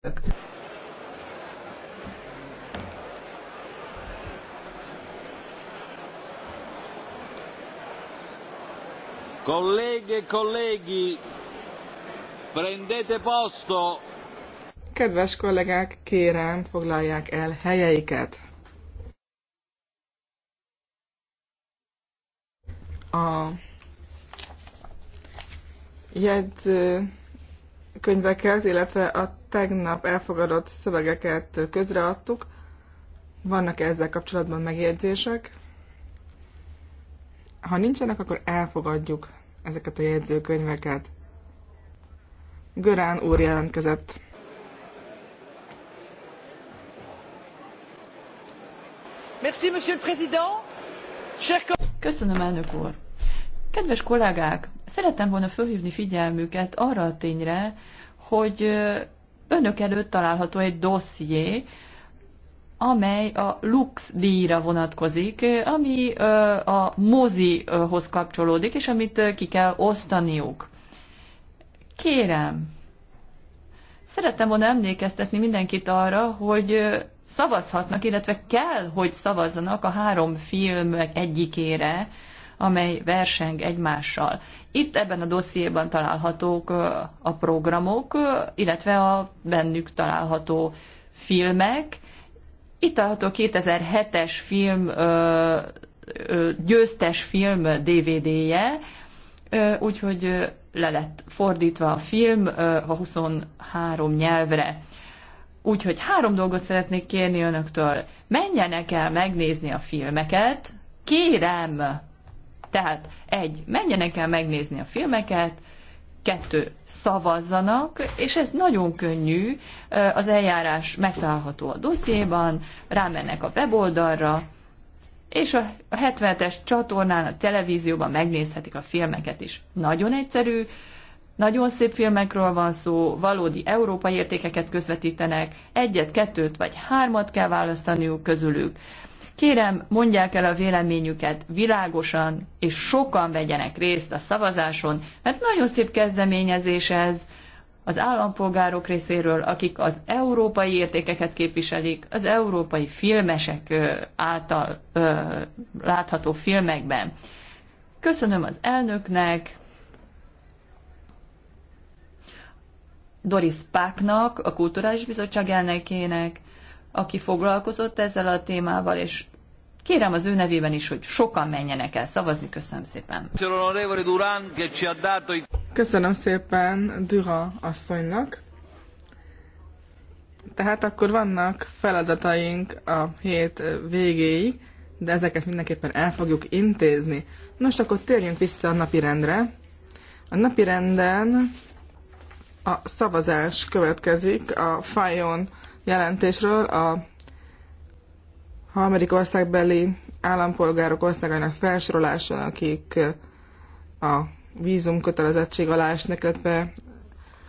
Colleghe kollégi, e colleghi, prendete posto. Kedves kollégák, kérem, foglalják el helyeiket. A jegyző könyveket, illetve a tegnap elfogadott szövegeket közreadtuk. Vannak -e ezzel kapcsolatban megjegyzések? Ha nincsenek, akkor elfogadjuk ezeket a jegyzőkönyveket. Görán úr jelentkezett. Merci, Monsieur le Président. Köszönöm, elnök úr. Kedves kollégák, szerettem volna fölhívni figyelmüket arra a tényre, hogy önök előtt található egy dosszié, amely a Lux díjra vonatkozik, ami a mozihoz kapcsolódik, és amit ki kell osztaniuk. Kérem, szerettem volna emlékeztetni mindenkit arra, hogy szavazhatnak, illetve kell, hogy szavazzanak a három film egyikére, amely verseng egymással. Itt ebben a dossziéban találhatók a programok, illetve a bennük található filmek. Itt található 2007-es film, győztes film DVD-je, úgyhogy le lett fordítva a film a 23 nyelvre. Úgyhogy három dolgot szeretnék kérni önöktől. Menjenek el megnézni a filmeket, kérem, tehát egy, menjenek el megnézni a filmeket, kettő, szavazzanak, és ez nagyon könnyű, az eljárás megtalálható a dossziéban, rámennek a weboldalra, és a 70 es csatornán, a televízióban megnézhetik a filmeket is. Nagyon egyszerű, nagyon szép filmekről van szó, valódi európai értékeket közvetítenek, egyet, kettőt vagy hármat kell választaniuk közülük. Kérem, mondják el a véleményüket világosan, és sokan vegyenek részt a szavazáson, mert nagyon szép kezdeményezés ez az állampolgárok részéről, akik az európai értékeket képviselik, az európai filmesek által ö, látható filmekben. Köszönöm az elnöknek, Doris Páknak, a Kulturális Bizottság elnökének, aki foglalkozott ezzel a témával, és kérem az ő nevében is, hogy sokan menjenek el szavazni. Köszönöm szépen. Köszönöm szépen Düha asszonynak. Tehát akkor vannak feladataink a hét végéig, de ezeket mindenképpen el fogjuk intézni. Nos, akkor térjünk vissza a napirendre. A napirenden a szavazás következik a Fajon jelentésről a harmadik országbeli állampolgárok országainak felsorolása, akik a vízum kötelezettség alá esnek, illetve